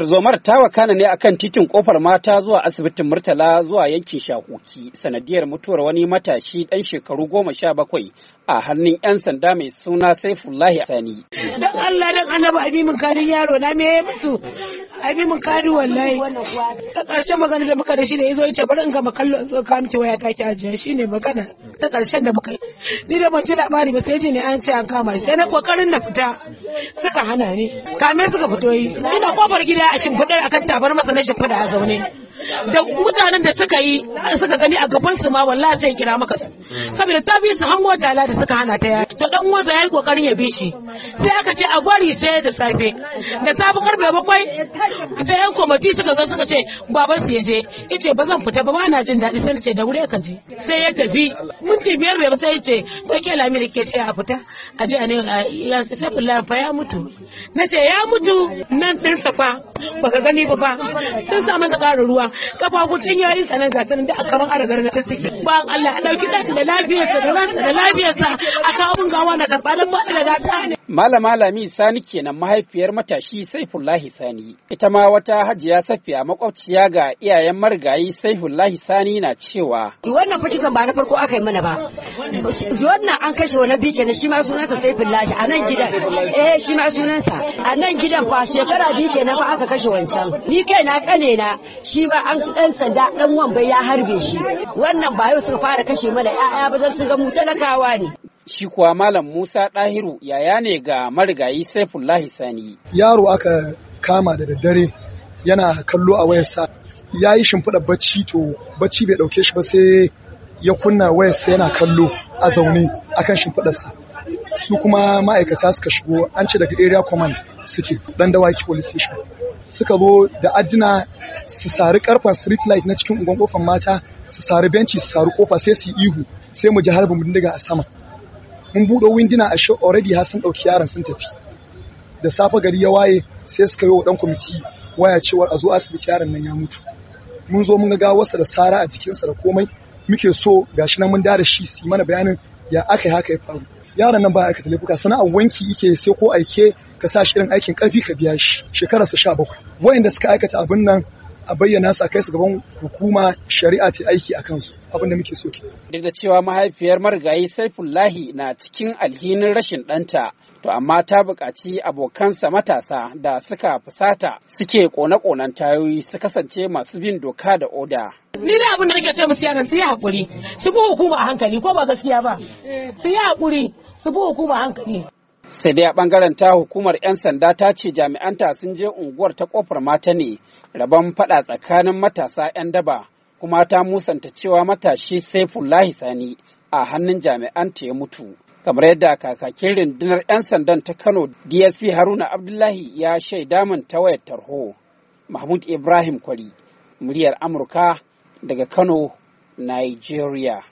Tarzomar ta wakana ne akan titin kofar mata zuwa asibitin Murtala zuwa yankin shahuki sanadiyar mutuwar wani matashi dan shekaru goma sha bakwai a hannun 'yan sanda mai suna Saifullahi Sani. Don Allah don Annabi abi min karin yaro na me ya musu Abi mun kari wallahi ta karshen magana da muka da shi ne yazo ce bari in ga makallo in zo ka miki waya ta ki ajiya ne magana ta karshen da muka ni da ban ji labari ba sai ji ne an ce an kama shi sai na kokarin na fita suka hana ni kame suka fito yi ina kofar gida a shimfidar akan tabar masa na shimfida a zaune da mutanen da suka yi suka gani a gaban su ma wallahi sai kira maka su saboda ta bi su hango jala da suka hana ta yaki to dan uwansa yayi kokarin ya bi shi sai aka ce a bari sai da safe da safe karfe bakwai sai yan kwamati suka zo suka ce baban su ya je ice ba zan fita ba ba na jin daɗi sai ce da wuri ka je sai ya tafi minti biyar bai sai ce to ke lami da ke ce a fita a je a ne ya sai fa ya mutu na ce ya mutu nan sa fa baka gani ba fa sun sa masa ƙarin ruwa kafafun yayin sa nan gasar da a kamar ara gargatar take ba Allah a dauki ɗanka da lafiyarsa da ransa da lafiyarsa a kawo mun gawa na karɓa don ba da gata ne Malama Lami Sani kenan mahaifiyar matashi Saifullahi Sani. Ita ma wata hajiya safiya makwabciya ga iyayen marigayi Saifullahi Sani na cewa. Wannan fakisan ba na farko aka yi mana ba. Wannan an kashe wani bi kenan shi ma sunansa Saifullahi a nan gidan. Eh shi ma sunansa a nan gidan fa shekara bi kenan fa aka kashe wancan. Ni kai na kane na shi ba an dan sanda dan wambai ya harbe shi. Wannan ba yau suka fara kashe mana 'ya'ya ba zan su ga mu talakawa ne. Shi kuwa Malam Musa Ɗahiru yaya ne ga marigayi Saifullahi Sani. Yaro aka kama da daddare yana kallo a wayarsa ya yi shimfiɗa bacci to bacci bai ɗauke shi ba sai ya kunna wayarsa yana kallo a zaune kan shimfiɗarsa su kuma ma'aikata suka shigo an ce daga area command suke dan dawaki police station suka zo da adduna su sari karfan street light na cikin unguwan kofar mata su sari benci su sari kofa sai su ihu sai mu ji harbin bindiga a sama mun buɗe windina a shi already har sun ɗauki yaron sun tafi da safe gari ya waye sai suka yi wa ɗan kwamiti waya cewa a zo asibiti yaron nan ya mutu mun zo mun ga gawarsa da sara a jikinsa da komai muke so gashi nan mun da shi su mana bayanin ya aka yi haka ya faru yaron nan ba aikata laifuka sana'ar wanki yake sai ko aike ka sa shi irin aikin karfi ka biya shi shekararsa sha bakwai wayanda suka aikata abin nan a bayyana su a kai su gaban hukuma shari'a ta aiki a kansu abin da muke so ke. Duk da cewa mahaifiyar marigayi Saifullahi na cikin alhinin rashin ɗanta, to amma ta buƙaci abokansa matasa da suka fusata suke ƙone-ƙonen tayoyi su kasance masu bin doka da oda. Ni da abin da nake ce musu yaran su yi haƙuri, su bi hukuma a hankali ko ba gaskiya ba, eh. su yi haƙuri, su bi hukuma a hankali. sai dai a bangaren ta hukumar 'yan sanda ta ce jami'anta sun je unguwar ta kofar mata ne rabon fada tsakanin matasa 'yan daba kuma ta musanta cewa matashi sai Fulahi sani a hannun jami'anta ya mutu kamar yadda kakakin rundunar 'yan sandan ta kano dsp haruna abdullahi ya shaida min ta wayar tarho mahmud ibrahim kwari muryar amurka daga kano nigeria